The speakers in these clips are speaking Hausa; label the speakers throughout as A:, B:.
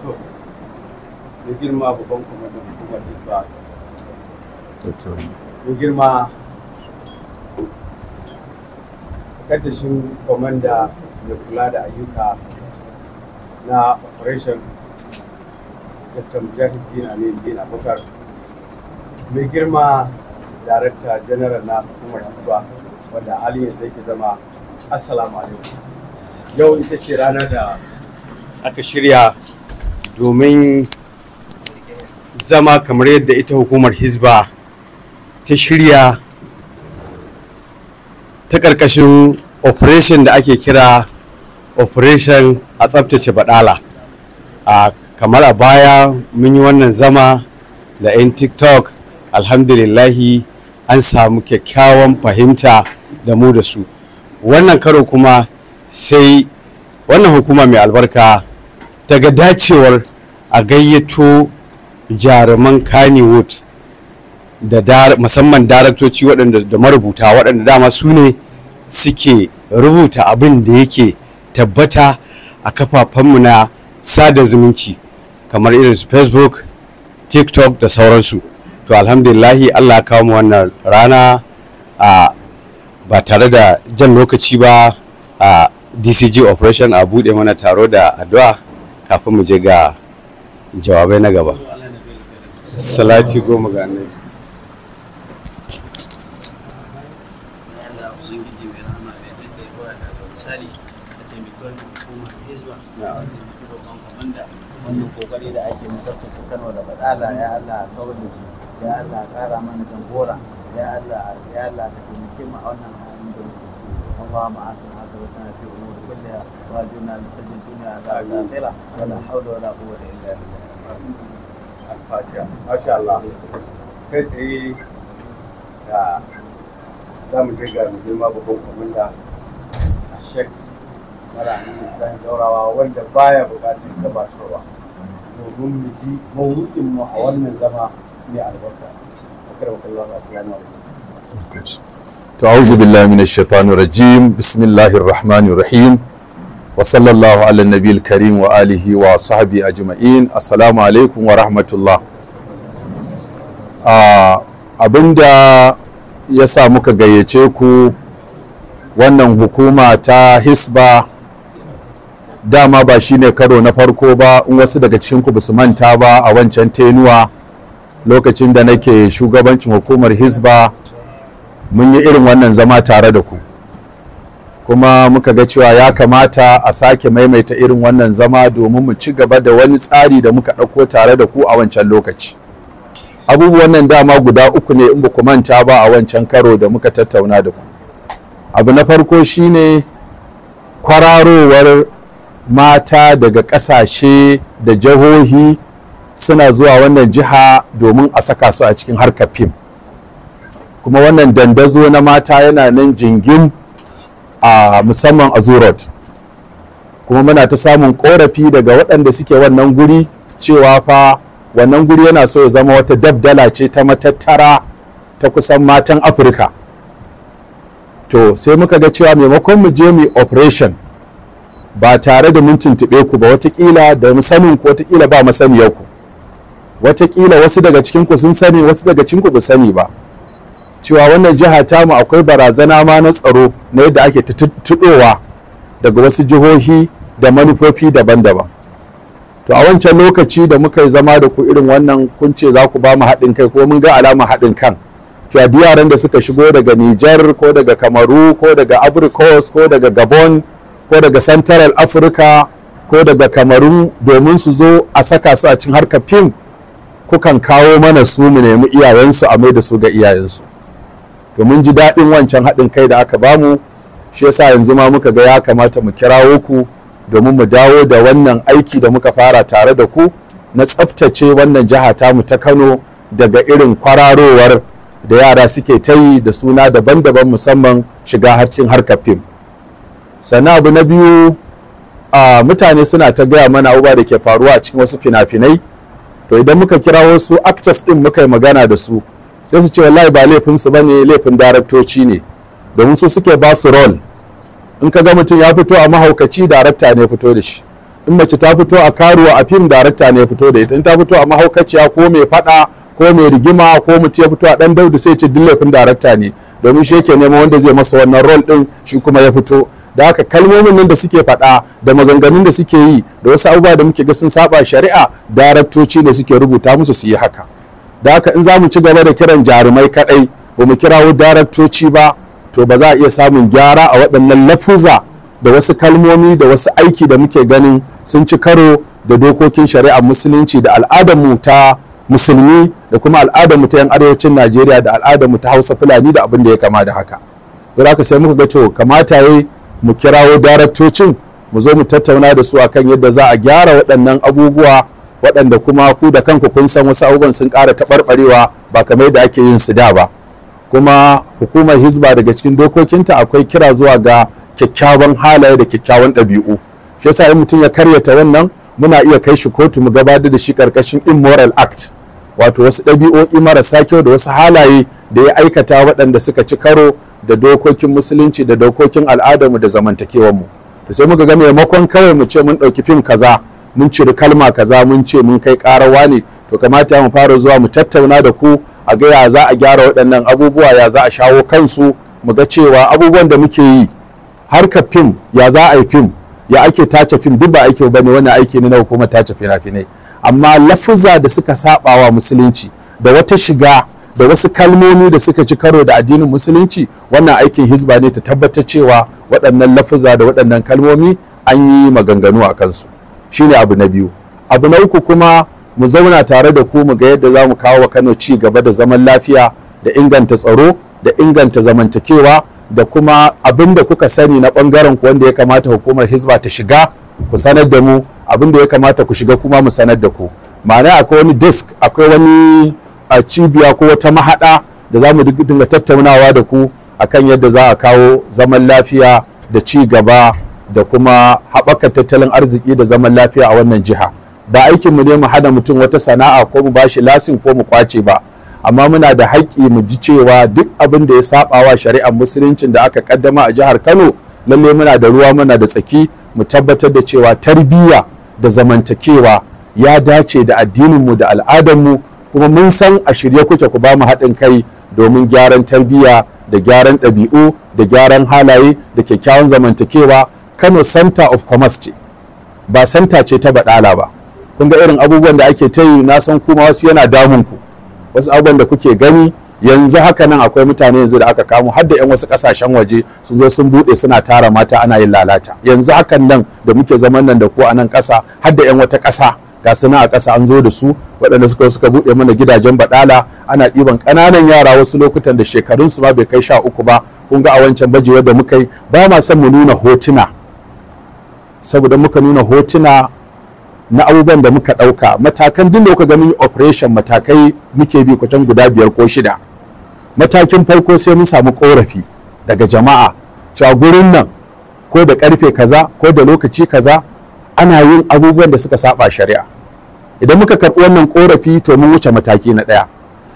A: to girma babban kwamandan hukumar hisba da girma ƙarƙashin kwamanda mai kula da ayyuka na operation dr mujahideen Dina abubakar mai girma darakta Janaral na hukumar hisba wanda hali yanzu yake zama assalamu alaikum yau ita ce rana da aka shirya domin zama kamar yadda ita hukumar hizba ta shirya ta ƙarƙashin operation da ake kira operation a tsabtace badala a kamar a baya mun yi wannan zama da 'yan tiktok alhamdulillahi an samu kyakkyawan fahimta da mu da su wannan karo kuma sai wannan hukuma mai albarka ta ga dacewar a gayyato jaruman kannywood da musamman daraktoci waɗanda da marubuta waɗanda dama su ne suke rubuta abin da yake tabbata a kafafenmu na sada zumunci kamar irin su facebook tiktok da sauransu to alhamdulillahi allah kawo mu wannan rana a ba tare da jan lokaci ba a dcg operation a bude mana taro da addu'a kafin mu je ga jawabai na gaba salati goma ga ya Allah kokari da ake Allah ya Kano da Allah ya Allah ya Allah ya Allah Allah mana Allah ya Allah ya Allah taimake mu a واخراجنا من خزي الدنيا عذاب الاخره ولا حول ولا قوه الا بالله الفاتحه ما شاء الله kai tsaye da za mu je ga girma babban kwamanda a shek mara hannun daurawa wanda baya bukatar gabatarwa domin mu ji mawuɗin mu a wannan zama mai albarka akarwakan Allah assalamu
B: alaikum to a'udhu billahi minash shaitanir rajim bismillahir rahmanir rahim wa sallallahu ala nabiyil karim wa alihi wa a ajma'in assalamu alaikum wa rahmatullah ah, abinda ya muka gayyace ku wannan hukuma ta hisba dama ba shine karo na farko ba in wasu daga cikin ku su manta ba a wancan tenuwa lokacin da nake shugabancin hukumar hisba mun yi irin wannan zama tare da ku kuma muka ga cewa ya kamata a sake maimaita irin wannan zama domin mu ci gaba da wani tsari da muka ɗauko tare da ku a wancan lokaci abubuwan nan dama guda uku ne in ba ku manta ba a wancan karo da muka tattauna da ku abu na farko shine kwararowar mata daga ƙasashe da jihohi suna zuwa wannan jiha domin a saka su a cikin harkar fim kuma wannan dandazo na mata yana nan jingin. a musamman a zurot kuma muna ta samun korafi daga waɗanda suke wannan guri cewa fa wannan guri yana so ya zama wata dabdala ce ta matattara ta kusan matan afirka to sai muka ga cewa maimakon mu je mu operation ba tare da mun tuntuɓe ku ba watakila da musamman ku watakila ba masaniyar ku watakila wasu daga cikin ku sun sani wasu daga cikin ku ba sani ba cewa wannan jiha mu akwai barazana ma na tsaro na yadda ake tuɗowa daga wasu jihohi da manufofi daban-daban to a wancan lokaci da muka yi zama da ku irin wannan kun ce za ku ba mu haɗin kai ko mun ga alama haɗin kan cewa a yaran da suka shigo daga Nijar ko daga Kamaru ko daga Abrikos ko daga Gabon ko daga Central Africa ko daga Kamaru domin su zo a saka su a cin harkar fim kukan kawo mana su mu nemi iyayensu a mai da su ga iyayensu to mun ji daɗin wancan haɗin kai da aka bamu shi yasa yanzu ma muka ga ya kamata mu kirawo ku domin mu dawo da wannan aiki da muka fara tare da ku na tsaftace wannan jiha mu ta Kano daga irin kwararowar da yara suke ta yi da suna daban-daban musamman shiga harkin harkar fim sannan abu na biyu a mutane suna ta gaya mana uba da ke faruwa cikin wasu fina-finai to idan muka kira wasu actors ɗin muka yi magana da su sai su ce wallahi ba laifin su bane laifin daraktoci ne domin su suke ba su rol in ka ga mutum ya fito a mahaukaci darakta ne fito da shi in mace ta fito a karuwa a fim darakta ne fito da ita in ta fito a mahaukaciya ko mai fada ko mai rigima ko mutum ya fito a dan daudu sai ce duk laifin darakta ne domin shi yake neman wanda zai masa wannan rol din shi kuma ya fito da haka kalmomin nan da suke faɗa da maganganun da suke yi da wasu abubuwa da muke ga sun saba shari'a daraktoci ne suke rubuta musu su yi haka da haka in za mu ci gaba da kiran jarumai kaɗai ba mu kirawo daraktoci ba to ba za a iya samun gyara a waɗannan lafuza da wasu kalmomi da wasu aiki da muke ganin sun ci karo da dokokin shari'ar musulunci da al'adarmu ta musulmi da kuma al'adarmu ta yan arewacin najeriya da al'adarmu ta hausa fulani da abin da ya kama da haka za ka sai muka ga to kamata yayi mu kirawo daraktocin mu zo mu tattauna da su akan yadda za a gyara waɗannan abubuwa waɗanda kuma ku da kanku kun san wasu abubuwan sun ƙara taɓarɓarewa ba kamar da ake yin su da ba kuma hukumar hizba daga cikin dokokinta akwai kira zuwa ga kyakkyawan halaye da kyakkyawan ɗabi'u shi yasa in mutum ya karyata wannan muna iya kai shi kotu mu gabatar da shi ƙarƙashin immoral act wato wasu ɗabi'o'i marasa kyau da wasu halaye da ya aikata waɗanda suka ci karo da dokokin musulunci da dokokin al'adarmu da zamantakewarmu da sai muka ga maimakon kawai mu ce mun ɗauki fim kaza mun ciri kalma kaza mun ce mun kai karawa ne to kamata mu fara zuwa mu tattauna da ku a ga ya za a gyara waɗannan abubuwa ya za a shawo kansu mu ga cewa abubuwan da muke yi ka fim ya za a yi fim ya ake tace fim duk ba aiki bane wani aiki ne na hukumar tace fina-finai amma lafuza da suka wa musulunci da wata shiga da wasu kalmomi da suka ci karo da addinin musulunci wannan aikin hizba ne ta tabbatar cewa waɗannan lafuza da waɗannan kalmomi an yi maganganu a kansu shine abu na biyu abu na uku kuma mu zauna tare da ku mu ga yadda za mu kawo wa Kano ci gaba da zaman lafiya da inganta tsaro da inganta zamantakewa da kuma abin da kuka sani na bangaren ku wanda ya kamata hukumar hizba ta shiga ku sanar da mu abin da ya kamata ku shiga kuma mu sanar da ku ma'ana akwai wani disk akwai wani a cibiya ko wata mahaɗa da za mu dinga tattaunawa da ku akan yadda za a kawo zaman lafiya da ci gaba da kuma haɓaka tattalin arziki da zaman lafiya a wannan jiha ba aikin mu ne mu hana mutum wata sana'a ko mu bashi lasin ko mu kwace ba amma muna da haƙƙi mu ji cewa duk abin da ya saɓa wa shari'ar musuluncin da aka kaddama a jihar kano lalle muna da ruwa muna da tsaki mu tabbatar da cewa tarbiyya da zamantakewa ya dace da addinin mu da mu kuma mun san a shirye kuke ku ba mu haɗin kai domin gyaran tarbiyya da gyaran ɗabi'u da gyaran halaye da kyakkyawan zamantakewa kano center of commerce ce ba center ce ta badala ba kun ga irin abubuwan da ake ta yi na san kuma wasu yana damun ku wasu abubuwan da kuke gani yanzu haka nan akwai mutane yanzu da aka kamo har da 'yan wasu kasashen waje sun zo sun bude suna tara mata ana yin lalata yanzu hakan nan da muke zaman nan da ku a nan ƙasa har da 'yan wata kasa ga suna a ƙasa an zo da su waɗanda suka suka bude mana gidajen badala ana ɗiban ƙananan yara wasu lokutan da shekarunsu ba bai kai sha uku ba kun ga a wancan bajewar da muka yi ba ma son mu nuna hotuna saboda muka nuna hotuna na abubuwan da muka ɗauka matakan duk da kuka ga mun operation matakai muke bi can guda biyar ko shida matakin farko sai mun samu korafi daga jama'a cewa gurin nan ko da karfe kaza ko da lokaci kaza ana yin abubuwan da suka saba shari'a idan muka karɓi wannan korafi to mun wuce mataki na ɗaya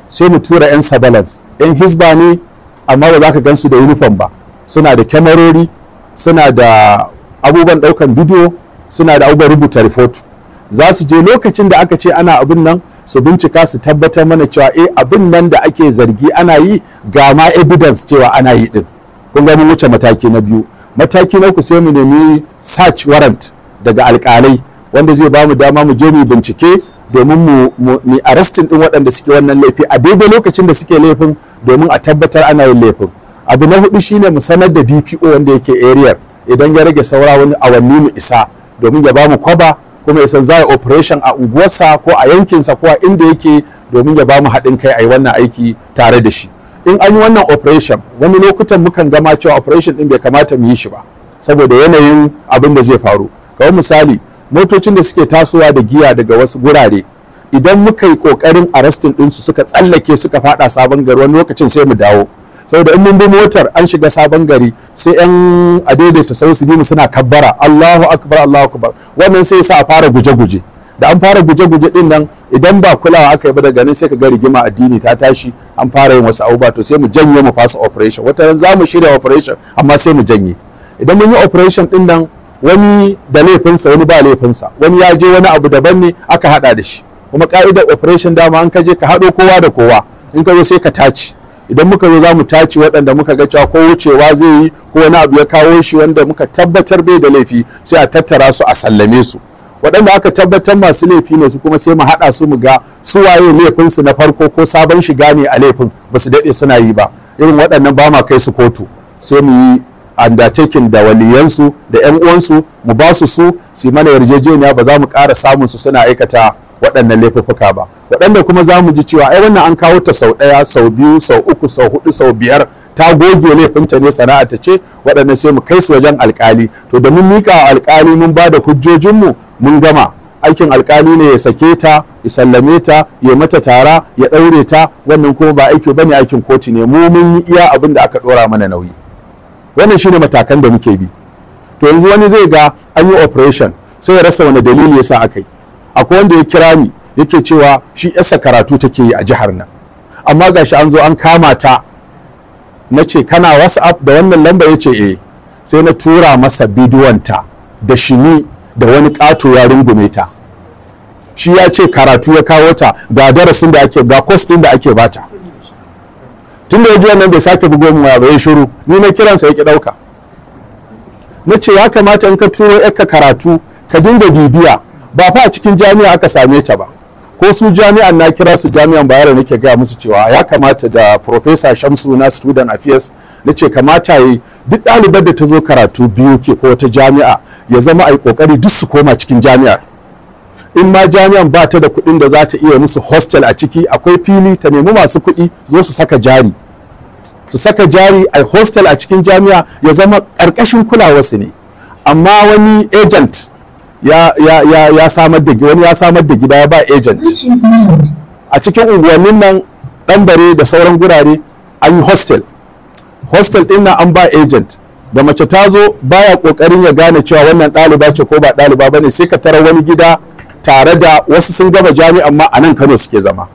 B: sai mu tura 'yan sabalans 'yan hisba ne amma ba za ka gansu da uniform ba suna da kyamarori suna da abubuwan ɗaukan bidiyo suna da abubuwan rubuta report za su je lokacin da aka ce ana abin nan su bincika su tabbatar mana cewa eh abin nan da ake zargi ana yi ga ma evidence cewa ana yi din kun ga mun wuce mataki na biyu mataki na uku sai mu nemi search warrant daga alkalai wanda zai ba mu dama mu je mu bincike domin mu mu arrestin din waɗanda suke wannan laifi a daidai lokacin da suke laifin domin a tabbatar ana yin laifin abu na hudu shine mu sanar da DPO wanda yake area idan ya rage saura wani awanni mu isa domin ya bamu kwaba kuma ya san za a operation a unguwarsa ko a yankinsa ko a inda yake domin ya bamu haɗin kai a yi wannan aiki tare da shi in an yi wannan operation wani lokutan mukan gama cewa operation din bai kamata mu yi shi ba saboda yanayin abin da zai faru kamar misali motocin da suke tasowa da giya daga wasu gurare idan muka yi kokarin arrestin ɗinsu suka tsallake suka fada sabon gari wani lokacin sai mu dawo saboda in mun bi motar an shiga sabon gari sai yan a ta sau su bi mu suna kabbara Allahu akbar Allahu akbar wannan sai sa a fara guje-guje da an fara guje-guje din nan idan ba kulawa aka yi ba daga nan sai ka ga rigima addini ta tashi an fara yin wasu abubuwa to sai mu janye mu fasa operation wata ran za mu shirya operation amma sai mu janye idan mun yi operation din nan wani da laifinsa wani ba laifinsa wani ya je wani abu daban ne aka hada da shi kuma ka'idar operation dama an kaje ka hado kowa da kowa in ka zo sai ka tace idan muka zo za mu tace waɗanda muka ga cewa ko wucewa zai yi ko wani abu ya kawo shi wanda muka tabbatar bai da laifi sai a tattara su a sallame su waɗanda aka tabbatar masu laifi ne su kuma sai mu haɗa su mu ga su waye laifin su na farko ko sabon shiga ne a laifin ba su daɗe suna yi ba irin waɗannan ba ma kai su kotu sai mu yi andatekin da waliyansu da 'yan uwansu mu ba su su su mana yarjejeniya ba za mu ƙara samun su suna aikata waɗannan laifuka ba waɗanda kuma za mu ji cewa ai wannan an kawo ta sau ɗaya sau biyu sau uku sau hudu sau biyar ta goge laifinta ne sana'a ta ce waɗannan sai mu kai su wajen alkali to da mun wa alkali mun ba da hujjojinmu mun gama aikin alkali ne ya sake ta ya sallame ta ya mata tara ya ɗaure ta wannan kuma ba aiki ba ne aikin kotu ne mu mun yi iya abin da aka ɗora mana nauyi wannan shine matakan da muke bi to yanzu wani zai ga an yi operation sai ya rasa wani dalili ya sa aka yi akwai wanda ya kira ni yake cewa shi yasa karatu take yi a jihar nan amma gashi an zo an kama ta na ce kana whatsapp da wannan lamba ya ce eh sai na tura masa bidiyon ta da shini da wani ƙato ya rungume ta shi ya ce karatu ya kawo ta ga darasin da ake ga kwas ɗin da ake bata tun da ya nan bai sake bugo mu ba ya shiru ni na kiransa ya ki ɗauka na ce ya kamata in ka turo ka karatu ka dinga bibiya ba fa cikin jami'a aka same ta ba ko su jami'an na kira su jami'an bayar nake gaya musu cewa ya kamata da professor shamsu na student affairs na ce kamata yi duk ɗalibar da ta zo karatu biyu ke ko ta jami'a ya zama a yi ƙoƙari duk su koma cikin jami'a in ma jami'an ba ta da kuɗin da za ta iya musu hostel a ciki akwai fili ta nemi masu kuɗi zo su saka jari su saka jari a hostel a cikin jami'a ya zama ƙarƙashin kulawarsu ne amma wani agent ya samar da wani ya samar da gida ya ba agent a cikin unguwannin nan dan bare da sauran gurare an yi hostel hostel ɗin nan an ba agent da mace ta zo baya kokarin ya gane cewa wannan ɗaliba ce ko ba ɗaliba ne, sai ka tara wani gida tare da wasu sun gaba jami'an ma a nan Kano suke zama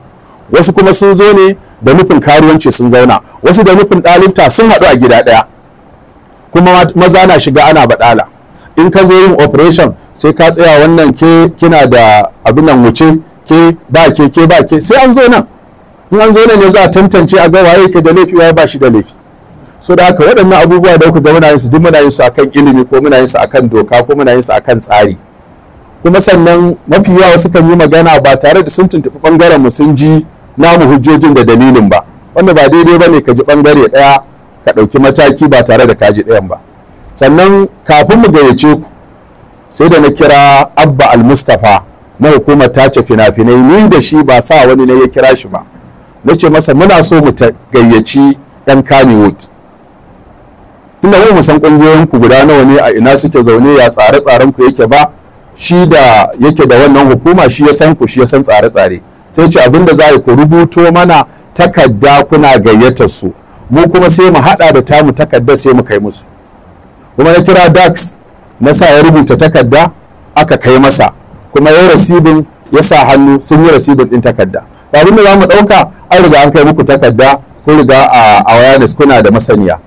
B: wasu kuma sun zo ne da nufin karuwanci sun zauna wasu da nufin ɗalibta sun haɗu a gida ɗaya kuma maza na shiga ana baɗala in ka zo yin operation sai ka tsaya wannan ke kina da abin nan wuce ke ba ke ke ba ke sai an zo nan in an zo nan ne za a tantance a ga waye ke da laifi waye ba shi da laifi so da haka waɗannan abubuwa da kuka ga muna yin su duk muna yin su akan ilimi ko muna yin su akan doka ko muna yin su akan tsari kuma sannan mafi yawa sukan yi magana ba tare da sun tuntuɓi ɓangaren mu sun ji namu hujjojin da dalilin ba wanda ba daidai ba ne ka ji ɓangare ɗaya ka ɗauki mataki ba tare da ka ji ɗayan ba sannan kafin mu gayyace ku sai da na kira abba al-mustafa na hukumar tace fina-finai ni da shi ba sa wani ne ya kira shi ba na ce masa muna so mu gayyaci yan kanewood inda mu san ƙungiyoyinku guda nawa ne a ina suke zaune ya tsare-tsaren ku yake ba shi da yake da wannan hukuma shi ya san ku shi ya san tsare-tsare sai ce abinda za ku rubuto mana takarda kuna gayyatar su mu kuma sai mu haɗa da tamu takarda sai mu kai musu kuma na kira dax na sa ya rubuta takarda aka kai masa kuma ya rasibin ya sa hannu sun yi rasibin din takarda abin da za mu ɗauka an riga an kai muku takarda ko riga a awareness kuna da masaniya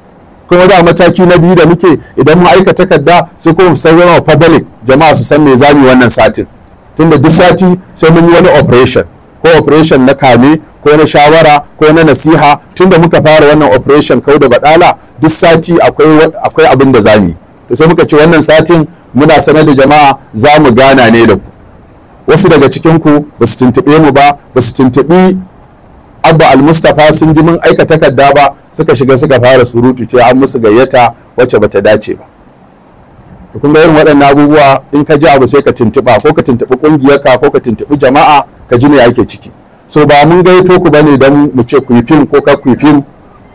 B: kuma da mataki na biyu da muke idan mu aika takarda sai kuma mu sanar public jama'a su san me zamu wannan satin tunda duk sati sai mun yi wani operation ko operation na kame ko na shawara ko na nasiha tunda muka fara wannan operation kau da badala duk sati akwai abin da zamu to sai muka ce wannan satin muna sanar da jama'a za mu gana ne da ku wasu daga cikin ku ba su tuntuɓe mu ba basu su tuntuɓi abba al mustapha sun ji mun aika takarda ba suka shiga suka fara surutu ce an musu gayyata wacce bata dace ba kun ga irin waɗannan abubuwa in ka ji abu sai ka tuntuɓa ko ka tuntuɓi ƙungiyarka ko ka tuntuɓi jama'a ka ji me ake ciki so ba mun gaito ku bane don mu ce ku yi fim ko ka ku yi fim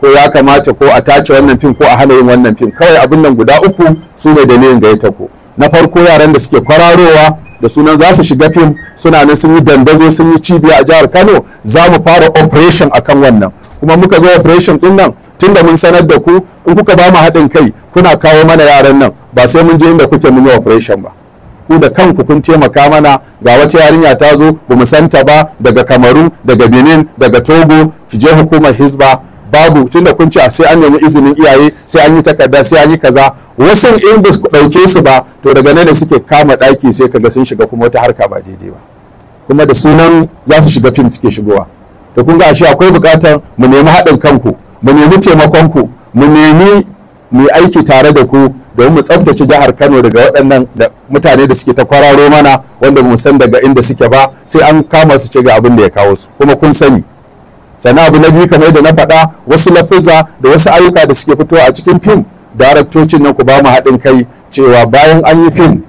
B: ko ya kamata ko a tace wannan fim ko a hana yin wannan fim kawai abin nan guda uku su ne dalilin gayyata ku na farko yaran da suke kwararowa da sunan za su shiga fim suna nan sun yi dandazo sun yi cibiya a jihar kano za mu fara operation akan wannan kuma muka zo operation din nan tunda mun sanar da ku in kuka ba mu haɗin kai kuna kawo mana yaran nan ba sai mun je inda kuke mun yi operation ba ku da kanku kun taimaka mana ga wata yarinya ta zo ba mu santa ba daga kamaru daga benin daga togo ki je hukumar hisba babu tunda kun ce sai an nemi izinin iyaye sai an yi takarda sai an yi kaza wasu in ba ku ɗauke su ba to daga nan da suke kama ɗaki sai kaga sun shiga kuma wata harka ba daidai ba kuma da sunan za su shiga fim suke shigowa to kun ga ashe akwai bukatar mu nemi haɗin kanku mu nemi taimakon ku mu nemi mu aiki tare da ku domin mu tsaftace jihar Kano daga waɗannan mutane da suke ta kwararo mana wanda mu san daga inda suke ba sai an kama su ce ga abin da ya kawo su kuma kun sani sannan abu na biyu kamar da na faɗa wasu lafiza da wasu ayyuka da suke fitowa a cikin fim daraktocin nan ku ba mu haɗin kai cewa bayan an yi fim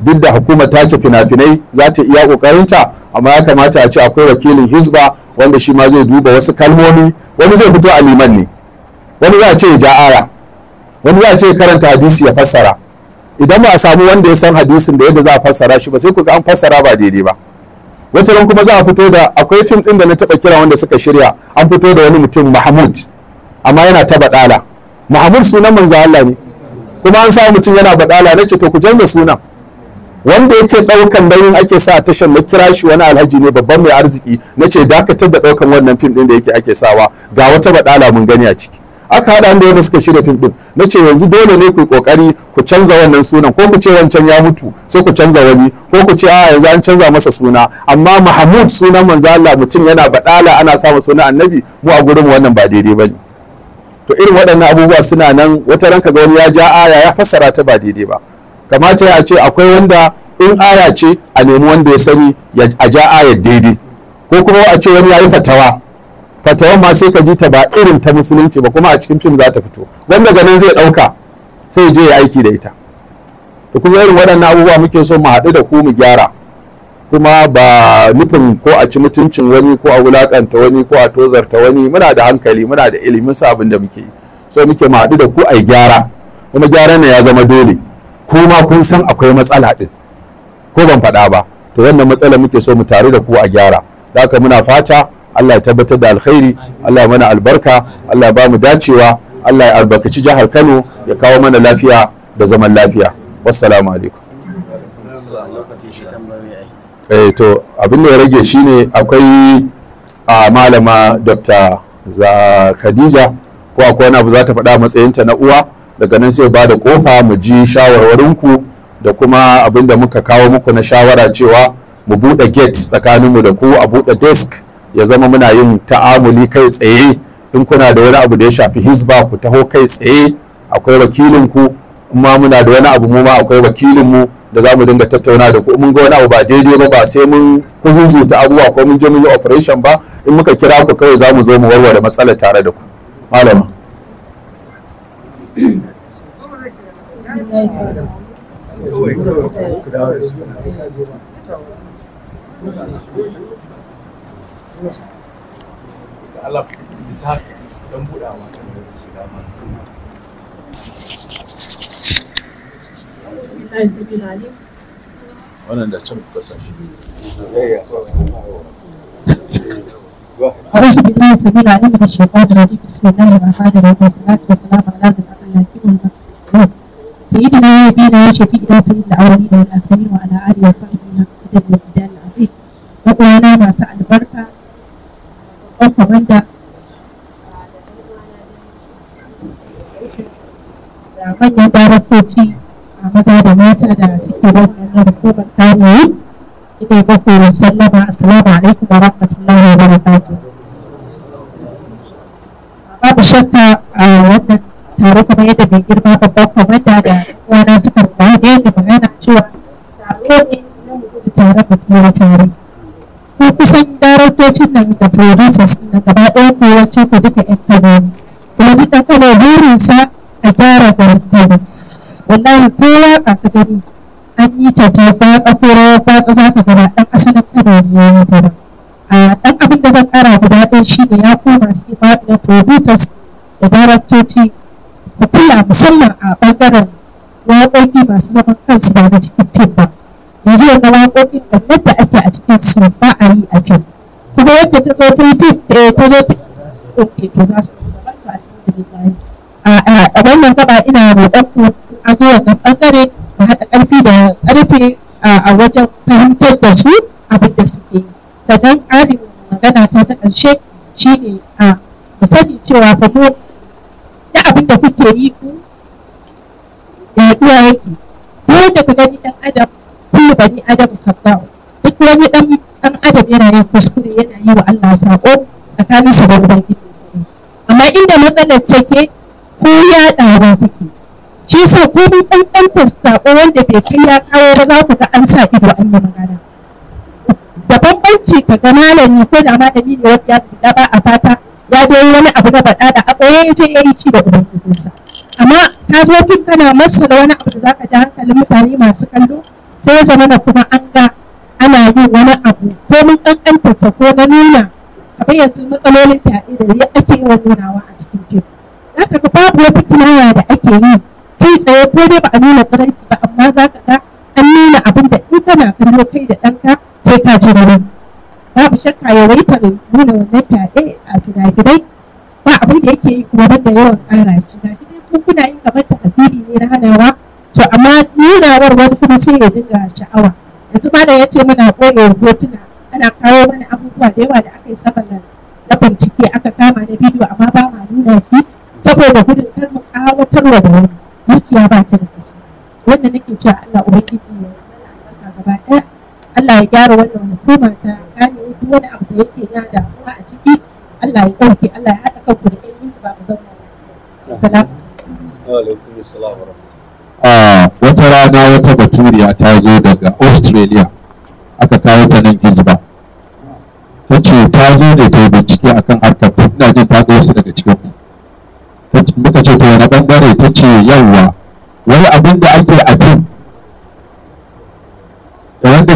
B: duk da hukumar ta ce fina-finai za ta iya ƙoƙarinta amma ya kamata a ce akwai wakilin hizba wanda shi ma zai duba wasu kalmomi wani zai fito a liman ne wani za a ce ya ja ara. wani ya ce karanta hadisi ya fassara idan ba a samu wanda ya san hadisin da yadda za a fassara shi ba sai ku ga an fassara ba daidai ba wata ran kuma za a fito da akwai fim din da na taba kira wanda suka shirya an fito da wani mutum mahmud amma yana ta badala mahmud sunan manzo Allah ne kuma an samu mutum yana badala nace to ku canza sunan wanda yake daukan nauyin ake sa tashar na kira shi wani alhaji ne babban mai arziki nace dakatar da daukan wannan fim din da yake ake sawa ga wata badala mun gani a ciki aka haɗa da wanda suka shirya fim din na ce yanzu dole ne ku kokari ku canza wannan sunan ko ku ce wancan ya mutu sai ku canza wani ko ku ce a yanzu an canza masa suna amma mahmud sunan manzo Allah mutum yana badala ana sa masa sunan annabi mu a gurin wannan ba daidai bane to irin waɗannan abubuwa suna nan wata ran kaga wani ya ja aya ya fassara ta ba daidai ba kamata ya ce akwai wanda in aya ce a nemi wanda ya sani a ja ayar daidai ko kuma a ce wani ya yi fatawa fatawan ma sai ka ji ta ba irin ta musulunci ba kuma a cikin fim za ta fito wanda ganin zai ɗauka sai je ya aiki da ita to kuma irin waɗannan abubuwa muke so mu haɗu da ku mu gyara kuma ba nufin ko a ci mutuncin wani ko a wulakanta wani ko a tozarta wani muna da hankali muna da ilimin sabon da muke so muke mu haɗu da ku a gyara kuma gyaran ne ya zama dole kuma kun san akwai matsala ɗin ko ban faɗa ba to wannan matsala muke so mu tare da ku a gyara da haka muna fata Allah ya tabbatar da alkhairi Allah mana albarka Allah ba mu dacewa Allah ya albarkaci jihar Kano ya kawo mana lafiya da zaman lafiya wassalamu alaikum eh to abin da ya rage shine akwai a malama Dr. za Khadija ko akwai wani abu za ta faɗa matsayinta na uwa daga nan sai ba da kofa mu ji shawarwarinku da kuma abin da muka kawo muku na shawara cewa mu buɗe gate tsakaninmu da ku a buɗe desk ya zama muna yin ta'amuli kai tsaye in kuna da wani abu da ya shafi hisba, ku taho kai tsaye akwai wakilin ku kuma muna da wani abu ma akwai wakilin mu da za mu dinga tattauna da ku mun ga wani abu ba daidai ba ba sai mun kuzuzuta abubuwa ko mun je mun yi operation ba in muka kira ku kawai za mu zo mu warware matsalar tare da ku malama
C: Thank
A: you. Wannan
D: da can kuka sa
C: سيدنا babban kwamanda da manyan darakoci a maza da mata da suke wannan hukumar kamiyoyi ina muku sallama assalamu alaikum wa rahmatullahi wa barakatuh babu shakka a wannan taro kuma yadda mai girma babban kwamanda da uwana suka rubuta ne da magana cewa taro ne na mutum da taron basira tare ko kusan daraktocin nan da producers na gaba ɗaya ko wacce ku duka yan kano kuma duk ɗan kano burinsa a gyara garin kano wallahi kowa a ka gani an yi ta ta batsa ko rawa batsa za ka gaba ɗan asalin kano ne ya yi gaba a ɗan abin da zan ƙara guda ɗaya shi ne ya koma su da producers da daraktoci ku kula musamman a ɓangaren waƙoƙi masu zaman kansu ba na cikin fim ba da ya kama kokin da yadda ake a cikin su ba a yi a fim kuma yadda ta zo ta yi fim eh, ta zo ta yi to za su a wannan gaba ina roƙon ku a zo wannan ɓangare da haɗa ƙarfi da ƙarfe a wajen fahimtar da su abin da suke yi sannan ƙarin magana ta ta ƙarshe shine a mu sani cewa fa mu da abin da kuke yi ku da yaɗuwa yake dole ku gani ɗan adam kullu bani adam duk wani dan dan adam yana yin kuskure yana yi wa Allah sako tsakanin sa da ubangiji amma inda matsalar take ko ya ɗawa kuke shi sa ko mun ɗanɗantar sako wanda bai kai ya kawo ba za ku ga an sa ido an yi magana da bambanci ka ga malami ko da malami ne wanda ya shiga ba a fata ya je wani abu na faɗa da akwai ya je ya yi ci da ubangijinsa amma ka zo kin kana masa da wani abu da za ka ji hankalin mutane masu kallo sai ya zama kuma an ga ana yin wani abu ko mun kankantarsa ko na nuna abin sun matsalolin fyaɗe da ya ake yi wa nunawa a cikin fim za ka ga babu wata kinaya da ake yi kai tsaye ko dai ba a nuna tsaranci ba amma za ka ga an nuna abin da in kana kallo kai da ɗanka sai ka ji rauni babu shakka ya yawaitar nuna wannan fyaɗe a gidagidai ba abin da yake yi kuma banda yawan ƙara shi ga shi dai kuna yin kamar ta asiri ne na hanawa to amma nunawar wasu kuma sai ya 嗯。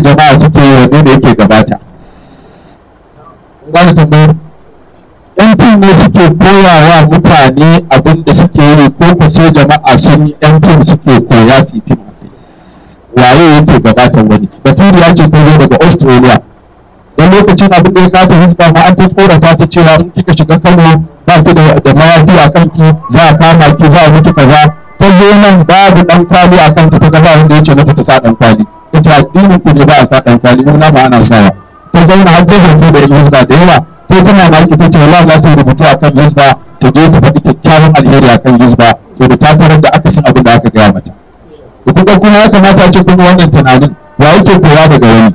E: jama'a suke yi wanne da yake gabata wani tambayar yan fim ne suke koyawa mutane abin da suke yi ko ku sai jama'a sun yi yan fim suke koya su fim waye yake gabata wani baturi ya ce koyo daga australia dan lokacin abin da ya kata hisba ma an ta tsorata ta cewa in kika shiga kano ba ki da mawafi a kanki za a kama ki za a mutu kaza ta zo nan babu dan kwali a kanta ta gaba wanda ya ce mata ta sa dan kwali ta addinin ku ne ba a sa ɗan kwali na ana sawa ta zauna har jahanta da ilmi suna da yawa ko tana ma ita ce wallahi za ta rubutu akan yusba ta je ta faɗi kyakkyawan alheri akan yusba so da ta tarar da akasin abin da aka gaya mata ku kuma ya kamata ce kuma wannan tunanin wa yake koya daga wani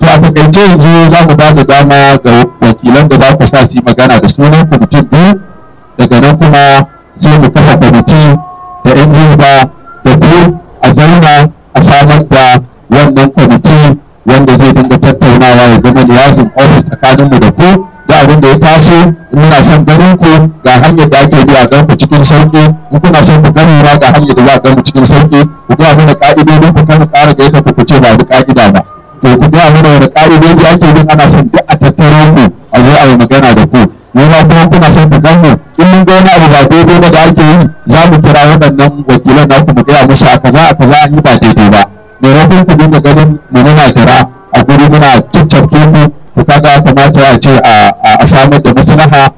E: to a takaice yanzu za mu ba da dama ga wakilan da ba ku sa su magana da sunan kwamitin biyu daga nan kuma sai mu kafa kwamiti da yan hizba da biyu a zauna a samar da wannan kwamiti wanda zai dinga tattaunawa ya zama liyazin ofis tsakanin mu da ku da abin da ya taso in muna son ganin ku ga hanyar da ake biya gan ku cikin sauƙi. in kuna son ku gani ma ga hanyar da za a gan ku cikin sauƙi. ku ga mana ka'idodin ku kan ƙara da yadda ku ce ba da ka'ida ba to ku ga mana wani ka'idodi ake bin ana son duk a tattaro ku a zo a yi magana da ku mu ma kuma kuna son ku gan mu in mun ga wani abu ba daidai ba da ake yi za mu kira waɗannan wakilan naku mu gaya musu a kaza a kaza an yi ba sa amin, doon na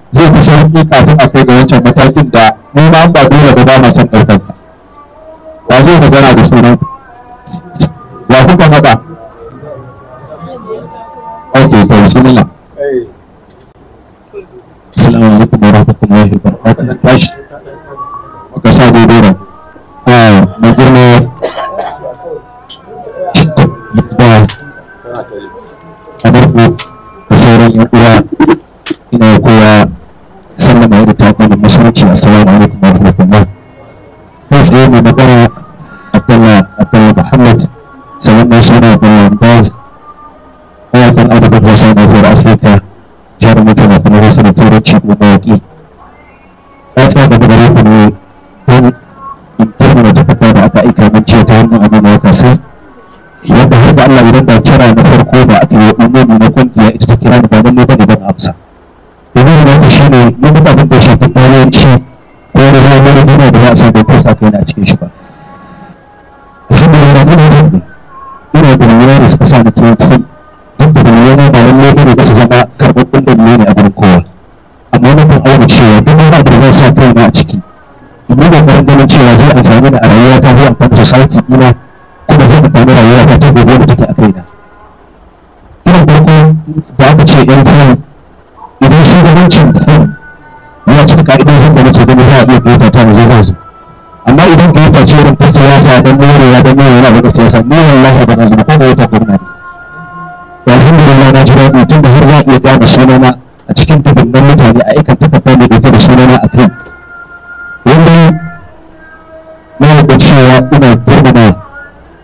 E: aka aika min jiya ta hannun amina ya kasai wanda har da Allah idan ba kira na farko ba aka yi umumi na kungiya ita ta kira ni ba lalle bane ban amsa domin da haka ne, mun ga abin da ya shafi tarihanci ko da wani wani wani da za a samu ko sa kai na cikin shi ba shin da yana mun hajji ina da wani da suka sa ni cikin fim duk da wani ba lalle bane ba su zama karɓaɓɓun da ne a gurin kowa amma na kan aure cewa duk wani abu da zan sa kai na a ciki ni da ƙwarar ganin cewa zai amfani da a rayuwata zai amfani society ina kuma zai amfani rayuwata ta gobe da take a kai da. irin farko da aka ce yan fam idan shugabancin fam ya cika ka'idojin da nake gani za a iya gaita ta waje zai zo amma idan gaita ce irin ta siyasa don morewa don morewa na daga siyasa ni wallahi ba zan zo ba ko gaita gwamna ne alhamdulillah na ji daɗi tun da har za a iya gane sunana a cikin dubban mutane a aikata kafa mai ɗauke da sunana a kai ina girmama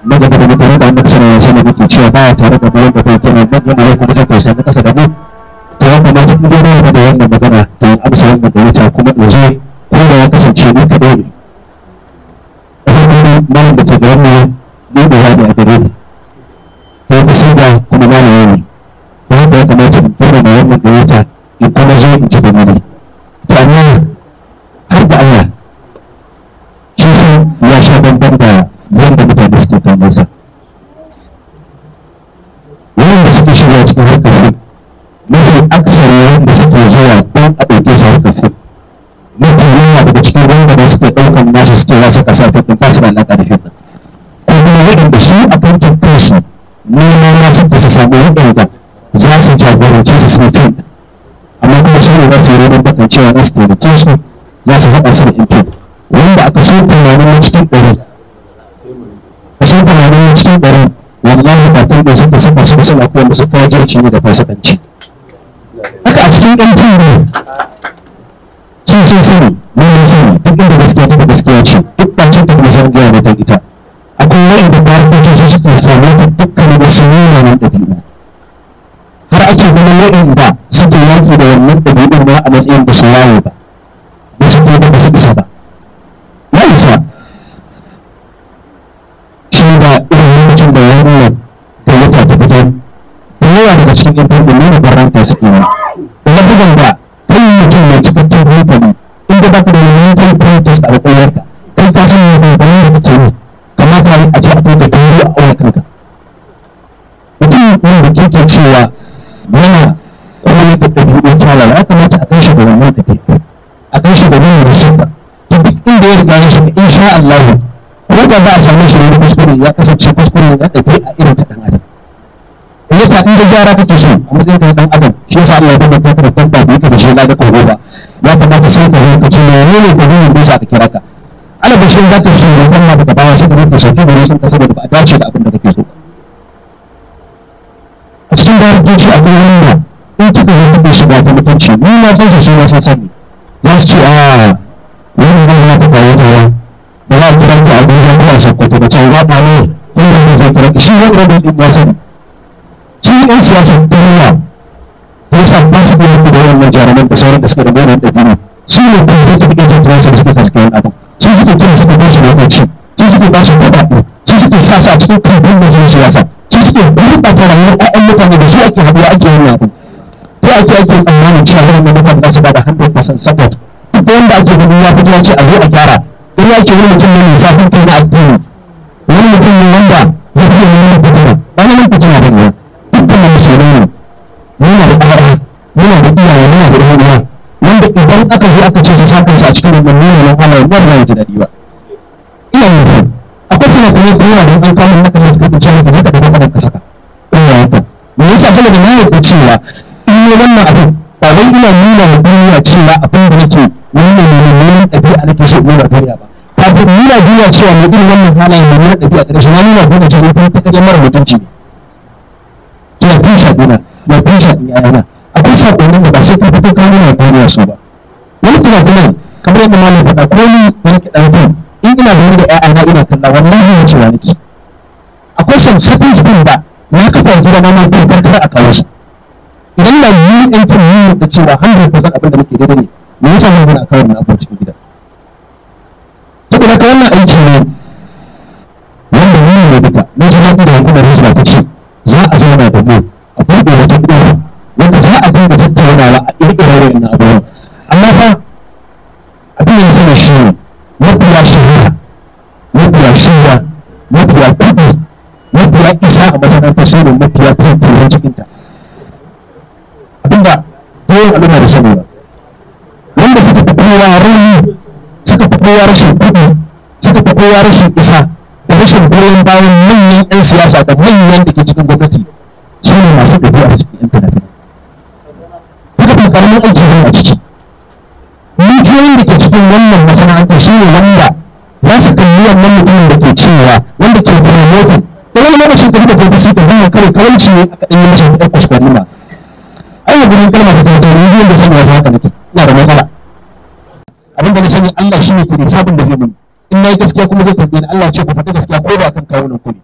E: na gaba da mutane da annabi sallallahu alaihi wasallam yake cewa ba tare da bayan da ba kenan dan yana yau kuma kasa da mu to ya kamata in da wannan magana to amsa wannan da wuta kuma in ko da ya kasance ni kadai ne malam da ke da wannan ne da ya da gare ni da kuma wanda su fajirci ne da fasikanci haka a cikin ɗan tuni sun sun sani na mun sani duk inda gaskiya ta gaskiya ce duk bacin ta kuma san gaya mata ita akwai wa'inda barkokin su suka samu ta dukkanin wasu munanan ɗabi'u har ake ganin wa'inda suke yaki da wannan ɗabi'un ma a matsayin da su yawo ba yawa daga cikin ɗan ɗan ne barran fasiki ne lafizan da kai mutum mai cikakken hankali in da baka da mental contest a kwakwalwarka kai ka san mai kwakwalwar da kake yi kamata a ce a kai ka turi a aure kanka mutum wanda ke cewa yana kuma da ɗabi'un kyalala ya kamata a kai shi da wannan ɗabi'u a kai shi da wannan musulma ta duk inda ya riga ya in sha Allah matsayin ka dan adam shi yasa Allah ya tabbata ka da ta bai ka da shi na da kogo ba ya kamata sai ka zo ka ce ne dalilin da yasa ka kira ka ana da shin zaka so ne kuma daga baya sai ka rubuta sauki gare sun ka saboda ba a dace da abin da kake so a cikin shi akwai wanda in kika zo kika shiga ta mutunci ni na san shi na san sani za su ce a ah, wani ne ya ta kawo ta ba za a kira ka a gurin ko a sakkwato ba can ba ne kun da zai kira shi wani da ɗin ya sani sauran sauran da suka da bayan da gina su ne cikin kamfan da zai siyasa su suke rayuwar ƴaƴan mutane da su ake haɗuwa ake yin abu ta ake ake tsammanin cewa yawan da 100% support duk wanda ake ganin ya fito ya a zo a gyara in ya wani mutum ne mai na addini ba za mu ji daɗi ba ina yin su akwai kuma kuma da yawa don an kawo maka da suka fice maka haka da kuma ka saka ina haka me yasa da na yarda cewa in yi wannan abin ba wai ina nuna wa duniya cewa abin da nake wannan ne mummunan ɗabi'a ke so nuna duniya ba kafin nuna duniya cewa mai irin wannan halayen mummunan ɗabi'a ƙarshe na nuna duniya cewa kuma ta ƙarya mara mutunci ne ya fi shaɗi ya fi shaɗi a yana akwai saƙonin da ba sai ka fito kawo na duniya su ba wani kuma kamar yadda malam faɗa ko ni wani ɗan fim in ina zaune da na, ina kalla wallahi ya ce wani akwai son certain film ba na kafa gida na mai bin karkar a kawo su idan da yi in fim yi da cewa 100% abin da muke daidai ne me yasa mun gina akawun na cikin gida saboda ka wannan aiki ne wanda ni ne duka na ji daɗi da hukumar hizba ta ce za a zauna da mu a buɗe wata ƙofa wanda za a dinga tattaunawa a ƙirƙirar wa'annan abubuwa a masana'anta su ne mafiya fiye cikinta abinda yau al'umma da sani ba wanda suka fi kowa rauni suka fi kowa rashin kuɗi suka fi kowa rashin isa da rashin goyon bayan manyan 'yan siyasa da manyan da ke cikin gwamnati su ne masu ɗabi a cikin 'yan fina-finai duka ba ƙaramin aiki ne a ciki mutuwan da ke cikin wannan masana'antar su ne wanda aka ɗan yi mishi su kuskure ba ai da gurin kalmar da ta ni biyan da sanya wasu haka nake ina da matsala abin da na sani Allah shi ne ku ne, sabon da zai muni in na yi gaskiya kuma zai tambaye ni Allah ce ku faɗi gaskiya ko ba kan kawo nan kudi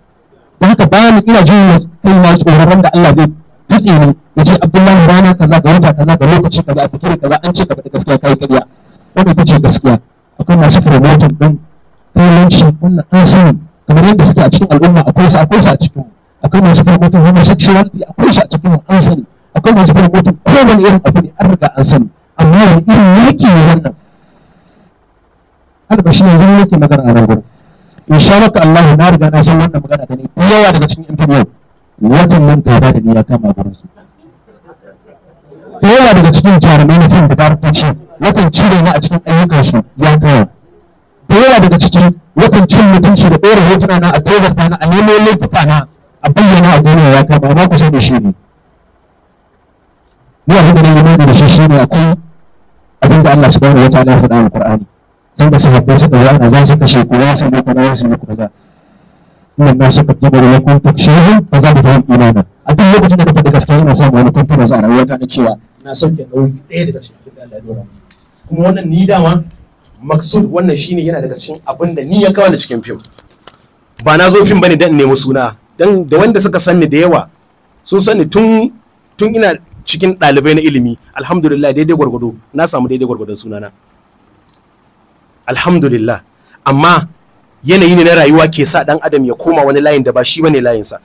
E: don haka bayan ina jin kai na tsoron da Allah zai tutse ni ya ce Abdullahi rana kaza ga wata kaza ga lokaci kaza a fikiri kaza an ce ka faɗi gaskiya kai ƙarya wannan ita ce gaskiya akwai masu promoting ɗin kailanci wannan an sani kamar yadda suke a cikin al'umma akwai su akwai su a cikin mu akwai masu promoting homosexuality akwai su a cikin an sani akwai masu promoting kowane irin abu ne an riga an sani amma wani irin yaƙi ne wannan albashi ne zan yake magana a nan insha maka Allah na riga na san wannan magana da ne yawa daga cikin interview wajen nan gaba da ni ya kama gurin su yawa daga cikin jarumai na fim da barkanci watan cire na a cikin ayyukan su ya kawo da yawa daga cikin watan cin mutunci da ɗora hotuna na a tozarta na a nemo laifuka na a bayyana a gona ya kama amma kusa da shi ne ni abin da nake nuna da shi ne akwai abin da Allah subhanahu wataala ya faɗa a Qur'ani Sanda da sahabbai suka yi ana za su kashe ku ya sanu kaza ya sanu kaza inna ma suka jabar da kun takshihu fa za da fahim imana a duk lokacin da ka faɗi gaskiya ina samun wani confidence a rayuwata
F: na cewa na sauke nauyi ɗaya daga cikin abin da Allah ya dora kuma wannan ni dama maksud wannan shine yana daga cikin abin da ni ya kawo da cikin fim ba na zo fim bane dan in nemi suna dan da wanda suka sani da yawa sun sani tun tun ina cikin ɗalibai na ilimi alhamdulillah daidai gwargwado na samu daidai gwargwadon sunana alhamdulillah amma yanayi ne na rayuwa ke sa dan adam ya koma wani layin da ba shi bane layinsa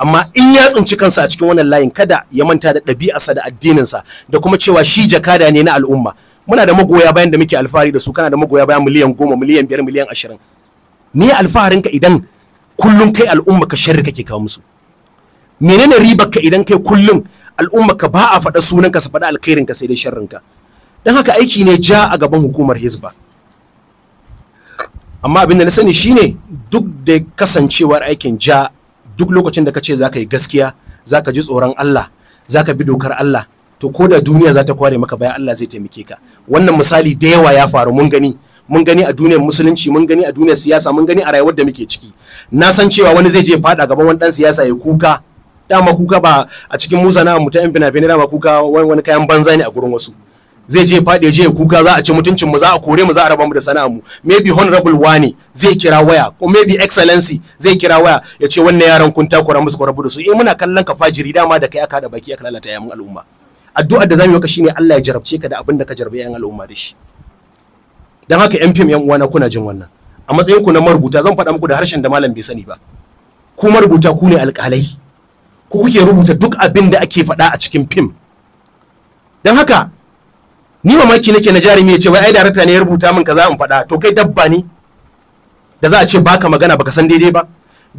F: amma in ya tsinci kansa a cikin wannan layin kada ya manta da ɗabi'arsa da addininsa da kuma cewa shi jakada ne na al'umma muna da magoya bayan da muke alfahari da su kana da magoya bayan miliyan goma miliyan biyar miliyan ashirin ni alfaharinka idan kullum kai al'umma ka sharri kake kawo musu menene ribar ka idan kai kullum al'umma ka ba a faɗa ka su faɗa alkhairin ka sai dai sharrin ka dan haka aiki ne ja a gaban hukumar hizba amma abin da na sani shine duk da kasancewar aikin ja duk lokacin da ka ce zaka yi gaskiya zaka ji tsoron Allah zaka bi dokar Allah to ko da duniya za ta kware maka baya Allah zai taimake ka wannan misali da yawa ya faru mun gani mun gani a duniyar musulunci mun gani a duniyar siyasa mun gani a rayuwar da muke ciki na san cewa wani zai je fada gaban wani dan siyasa ya kuka dama kuka ba a cikin musa na mutum yan fina-finai dama kuka wani kayan banza ne a gurin wasu zai je faɗi je kuka za a ci mutuncin mu za a kore mu za a raba mu da sana'a mu maybe honorable wani zai kira waya ko maybe excellency zai kira waya ya ce wannan yaran kun takura musu ku rabu da su eh muna kallon ka fajiri dama da kai aka da baki aka lalata yayin al'umma addu'ar da zamu yi maka shine Allah ya jarabce ka da abin da ka jarbe yayin al'umma da shi dan haka yan fim yan uwana kuna jin wannan a matsayin ku na marubuta zan faɗa muku da harshen da malam bai sani ba ku marubuta ku ne alƙalai ku kuke rubuta duk abin da ake faɗa a cikin fim dan haka ni mamaki nake na jarumi ya ce wai ai darata ne ya rubuta min kaza in faɗa to kai dabba ne da za a ce baka magana baka san daidai ba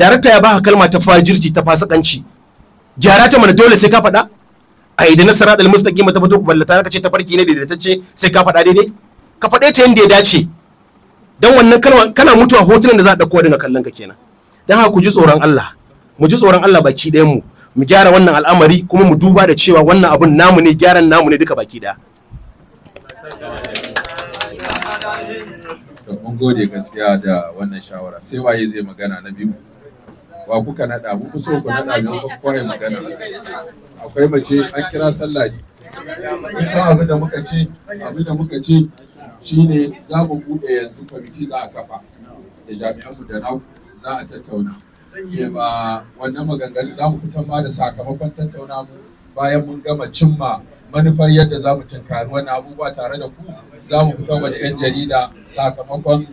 F: darakta ya baka kalma ta fajirci ta fasikanci gyara ta mana dole sai ka faɗa a idan na sarat al-mustaqim ta fito ballata ka ce ta farki ne ce sai ka faɗa daidai ka faɗe ta yadda ya dace dan wannan kana mutuwa hotunan da za a ɗauko dinga kallon ka kenan dan haka ku ji tsoron Allah mu ji tsoron Allah baki ɗayan mu mu gyara wannan al'amari kuma mu duba da cewa wannan abun namu ne gyaran namu ne duka baki ɗaya
D: mun gode gaskiya da wannan shawara sai waye zai magana na biyu wa kuka nada ku so ku nada ne ku koyi magana akwai mace an kira sallah
C: ne
D: abin da muka ce abin da muka ce shine za mu buɗe yanzu kwamiti za a kafa da jami'anmu da naku za a tattauna ke ba wannan maganganu za mu fitar ma da sakamakon tattauna mu bayan mun gama cimma manufar yadda za mu tunkari wannan abubuwa tare da ku za mu fitar da 'yan jarida sakamakon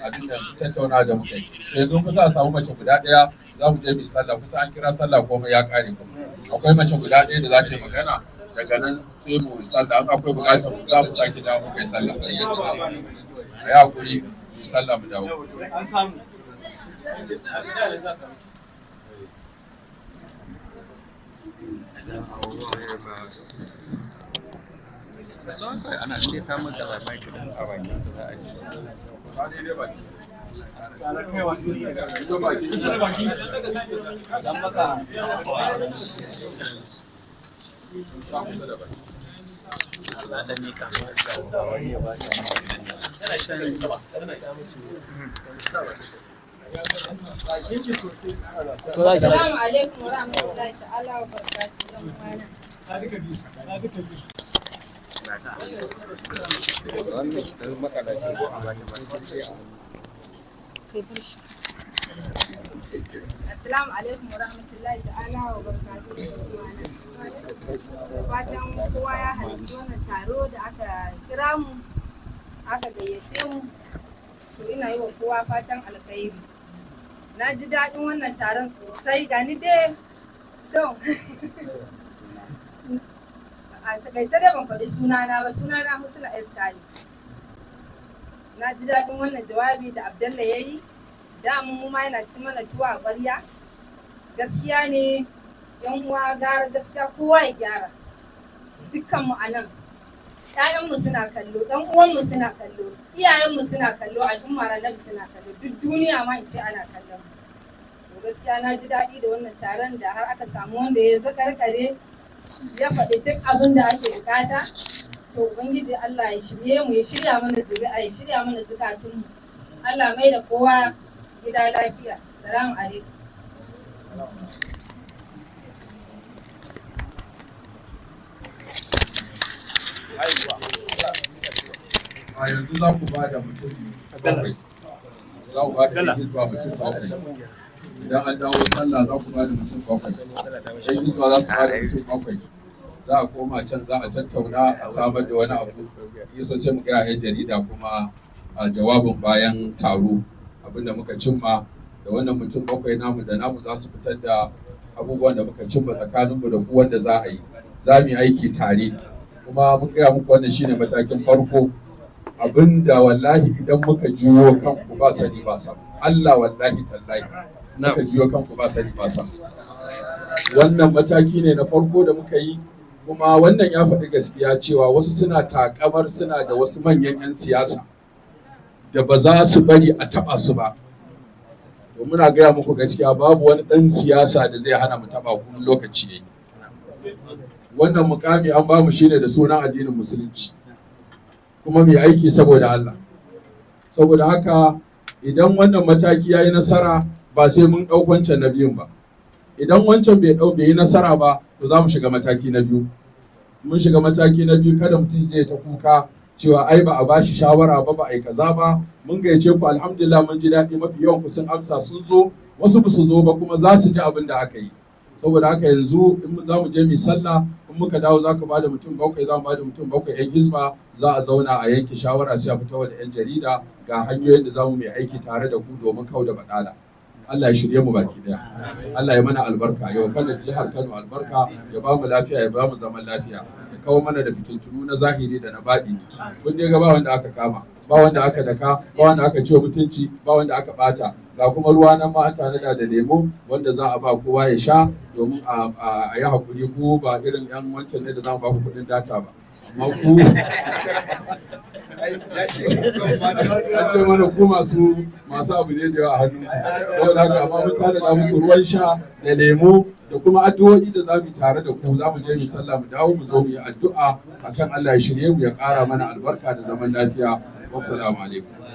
D: abin da tattauna da muka yi yanzu kusa a samu mace guda ɗaya za mu je mu sallah kusa an kira sallah kuma ya kare kuma akwai mace guda ɗaya da za ta yi magana daga nan sai mu sallah an akwai bukatar za mu sake dawo kai sallah da yau ya kuri mu sallah mu dawo an
C: samu ana
D: Assalamu
G: alaikum wa rahmatullahi Assalamu alaikum wa rahmatullahi ta'ala wa Fatan kowa ya halarci wannan taro da aka kira mu aka gayyace mu to ina yi wa kowa fatan alkhairi. Na ji daɗin wannan taron sosai gani dai a takaice dai ban faɗi sunana ba sunana Husna Eskali. Na ji daɗin wannan jawabi da Abdallah ya yi damun mu ma yana ci mana tuwa a ƙwarya gaskiya ne yan uwa gara gaskiya kowa ya gyara dukkan mu a nan mu suna kallo ɗan uwanmu suna kallo mu suna kallo al'ummar na suna kallo duk duniya ma in ce ana kallon mu gaskiya na ji daɗi da wannan taron da har aka samu wanda ya zakarkare ya faɗi duk abin da ake bukata to ubangiji Allah ya shirye mu ya shirya mana zuri'a ya shirya mana mu. Allah mai da kowa gida lafiya. Salamu alaikum.
D: A yanzu za ku ba da mutum bakwai. Za ku ba da hizba mutum bakwai. Idan an dawo sallah za ku ba da mutum bakwai. Sai hizba za su ba da mutum bakwai. Za a koma can za a tattauna a samar da wani abu. Yi sosai mu ga 'yan jarida kuma a jawabin bayan taro. abin da muka cimma da wannan mutum bakwai namu da namu za su fitar da abubuwan da muka cimma tsakaninmu da ku wanda za a yi za mu yi aiki tare kuma mun gaya muku wannan shine matakin farko abin da wallahi idan muka juyo kanku ba sani ba sa Allah wallahi tallahi muka juyo kanku ba sani ba sa wannan mataki ne na farko da muka yi kuma wannan ya faɗi gaskiya cewa wasu suna takamar suna da wasu manyan 'yan siyasa da ba za su bari a taɓa su ba to muna gaya muku gaskiya babu wani ɗan siyasa da zai hana mu taɓa kuma lokaci ne wannan mukami an ba mu shine da sunan addinin musulunci kuma mai aiki saboda Allah saboda haka idan wannan mataki ya yi nasara ba sai mun ɗau wancan na biyun ba idan wancan bai ɗau yi nasara ba to za mu shiga mataki na biyu mun shiga mataki na biyu kada mutum zai ta kuka cewa ai ba a ba shi shawara ba ba a yi kaza ba mun gayyace ku alhamdulillah mun ji daɗi mafi yawan ku sun amsa sun zo wasu ba su zo ba kuma za su ji abin da aka yi saboda haka yanzu in za mu je mu sallah in muka dawo za ba da mutum bakwai za mu ba da mutum bakwai yan hizba za a zauna a yanke shawara sai a fita da yan jarida ga hanyoyin da za mu mai aiki tare da ku domin kau da baɗala. Allah ya shirye mu baki daya Allah ya mana albarka yau kan jihar Kano albarka ya ba mu lafiya ya ba mu zaman lafiya ya kawo mana da fitintunu na zahiri da na baɗi kun je ga ba wanda aka kama ba wanda aka daka ba wanda aka ce mutunci ba wanda aka bata ga kuma ruwa nan ma an tare da lemo wanda za a ba kowa ya sha domin a yi hakuri ko ba irin yan wancan ne da za mu ba ku kuɗin data ba maku a ce mana ku masu masu abu ne da yawa a hannu saboda haka amma mun da muku ruwan sha da lemo da kuma addu'o'i da mu tare da ku zamu je mu sallah mu dawo mu zo mu yi addu'a akan Allah ya shirye mu ya ƙara mana albarka da zaman lafiya wassalamu alaikum